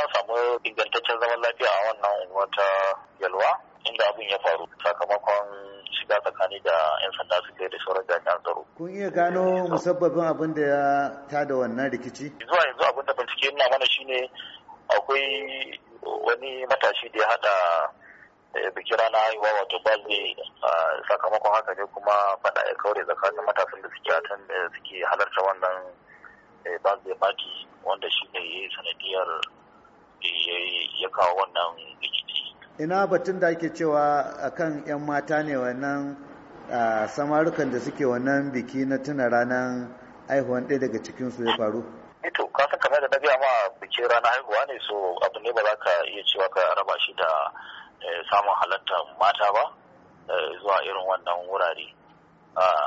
an samu ingantaccen zaman lafiya a wannan wata yalwa inda abin ya faru sakamakon shiga tsakani da 'yan sanda su yi da sauran jami'an tsaro. Kun iya gano musabbabin abin da ya tada wannan rikici? Zuwa yanzu abin da bincike nuna mana shine akwai wani matashi da ya hada eh, bikin rana haihuwa wato balde sakamakon haka ne kuma faɗa ya kaure tsakanin matasan da suke eh, suke halarta wannan eh, balde party wanda shi ne sanadiyar ya kawo wannan rikici. Ina batun da ake cewa akan 'yan mata ne wannan samarukan da suke wannan biki na tuna ranar aihuwan ɗaya daga cikinsu ya faru? Ito, eh ka san kamar da na gaya ma bikin ranar haihuwa ne so abu ne ba za ka iya cewa ka raba shi da eh, samun halartar mata ba eh, zuwa irin wannan wurare.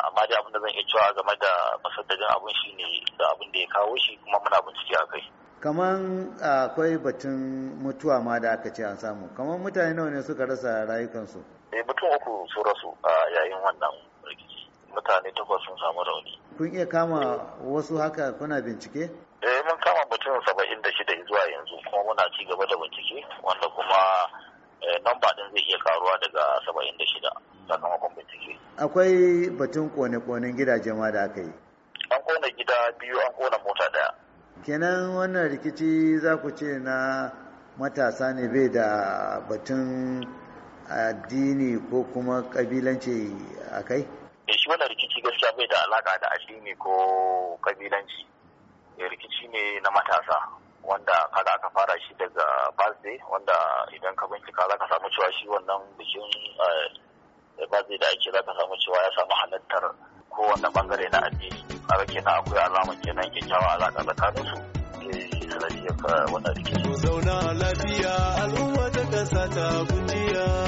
amma dai abin da zan iya cewa game da masaddadin abin shi ne da abin da ya kawo shi kuma muna bincike a kai. kaman akwai batun mutuwa ma da aka ce an samu kaman mutane nawa ne suka rasa rayukansu eh mutum uku su rasu a yayin wannan rikici mutane takwas sun samu rauni kun iya kama wasu haka kuna bincike eh mun kama mutum saba'in da shida zuwa yanzu kuma muna ci gaba da bincike wanda kuma eh, namba din zai iya karuwa daga saba'in da shida sakamakon bincike akwai batun kone-konen gidaje ma da aka yi an kona gida biyu an kona mota daya kenan wannan rikici za ku ce na matasa ne bai da batun addini ko kuma kabilanci a kai? Eh, shi wannan rikici gaskiya bai da alaka da addini ko kabilanci eh, rikici ne na matasa wanda kada aka fara shi daga birthday wanda idan ka bincika za ka samu cewa shi wannan bikin eh, birthday da ake za ka samu cewa ya samu halartar kowane bangare na addini a kenan akwai alama kenan kyakkyawa alaƙa tsakanin su eh, sanadiyar eh, wannan rikici. Zauna lafiya al'umma ta kasa ta kujiya.